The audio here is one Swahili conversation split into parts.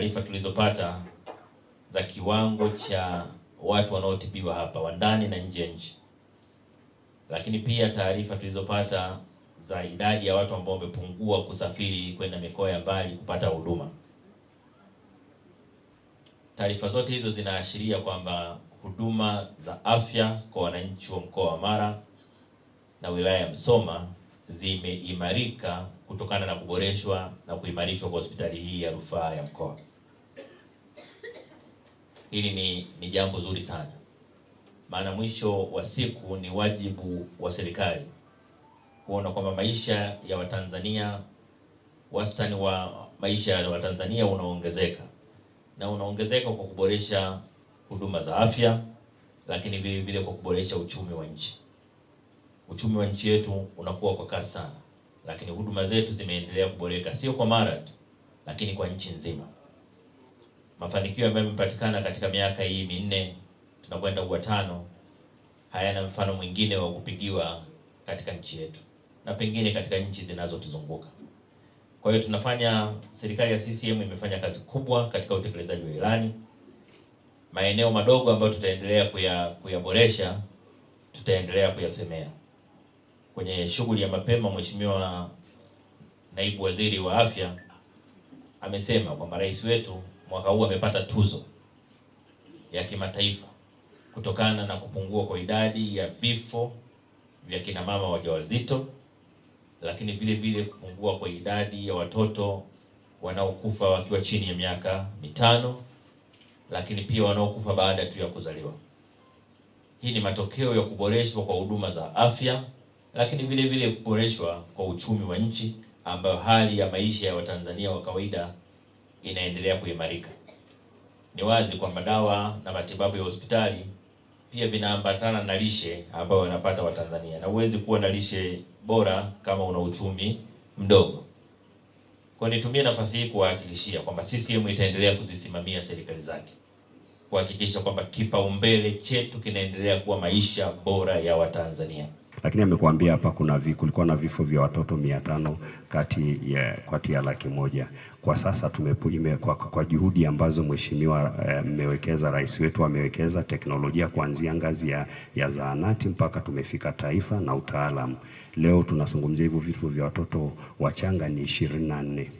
taarifa tulizopata za kiwango cha watu wanaotibiwa hapa wa ndani na nje ya nchi, lakini pia taarifa tulizopata za idadi ya watu ambao wamepungua kusafiri kwenda mikoa ya mbali kupata huduma. Taarifa zote hizo zinaashiria kwamba huduma za afya kwa wananchi wa mkoa wa Mara na wilaya ya Msoma zimeimarika kutokana na kuboreshwa na kuimarishwa kwa hospitali hii ya rufaa ya mkoa. Hili ni, ni jambo zuri sana, maana mwisho wa siku ni wajibu wa serikali kuona kwamba maisha ya Watanzania, wastani wa maisha ya Watanzania unaongezeka na unaongezeka kwa kuboresha huduma za afya, lakini vile vile kwa kuboresha uchumi wa nchi. Uchumi wa nchi yetu unakuwa kwa kasi sana, lakini huduma zetu zimeendelea kuboreka, sio kwa mara tu, lakini kwa nchi nzima. Mafanikio ambayo yamepatikana katika miaka hii minne tunakwenda kwa tano hayana mfano mwingine wa kupigiwa katika nchi yetu na pengine katika nchi zinazotuzunguka. Kwa hiyo tunafanya, serikali ya CCM imefanya kazi kubwa katika utekelezaji wa ilani. Maeneo madogo ambayo tutaendelea kuyaboresha kuya tutaendelea kuyasemea. Kwenye shughuli ya mapema, Mheshimiwa Naibu Waziri wa Afya amesema kwamba rais wetu mwaka huu amepata tuzo ya kimataifa kutokana na kupungua kwa idadi ya vifo vya kina mama wajawazito, lakini vile vile kupungua kwa idadi ya watoto wanaokufa wakiwa chini ya miaka mitano, lakini pia wanaokufa baada tu ya kuzaliwa. Hii ni matokeo ya kuboreshwa kwa huduma za afya, lakini vile vile kuboreshwa kwa uchumi wa nchi, ambayo hali ya maisha ya Watanzania wa kawaida inaendelea kuimarika. Ni wazi kwamba dawa na matibabu ya hospitali pia vinaambatana na lishe ambayo wanapata Watanzania, na huwezi kuwa na lishe bora kama una uchumi mdogo. Kwa nitumie nafasi hii kuwahakikishia kwamba CCM itaendelea kuzisimamia serikali zake kuhakikisha kwamba kipaumbele chetu kinaendelea kuwa maisha bora ya Watanzania lakini amekuambia hapa kuna vi, kulikuwa na vifo vya watoto mia tano kati ya, kati ya laki moja kwa sasa tumepuime, kwa, kwa juhudi ambazo mheshimiwa eh, mmewekeza eh, rais wetu amewekeza teknolojia kuanzia ngazi ya, ya zahanati mpaka tumefika taifa na utaalamu. Leo tunazungumzia hivyo vifo vya watoto wachanga ni ishirini na nne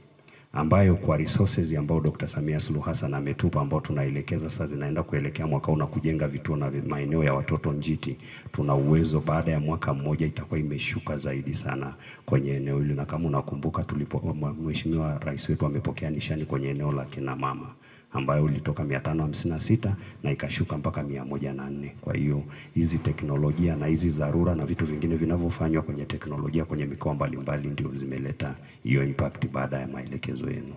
ambayo kwa resources ambayo Dr. Samia Suluhu Hassan ametupa ambao tunaelekeza sasa zinaenda kuelekea mwaka una kujenga vituo na maeneo ya watoto njiti, tuna uwezo baada ya mwaka mmoja itakuwa imeshuka zaidi sana kwenye eneo hili, na kama unakumbuka tulipo, Mheshimiwa Rais wetu amepokea nishani kwenye eneo la kina mama ambayo ulitoka 556 na ikashuka mpaka 104. Kwa hiyo hizi teknolojia na hizi dharura na vitu vingine vinavyofanywa kwenye teknolojia kwenye mikoa mbalimbali ndio zimeleta hiyo impact baada ya maelekezo yenu.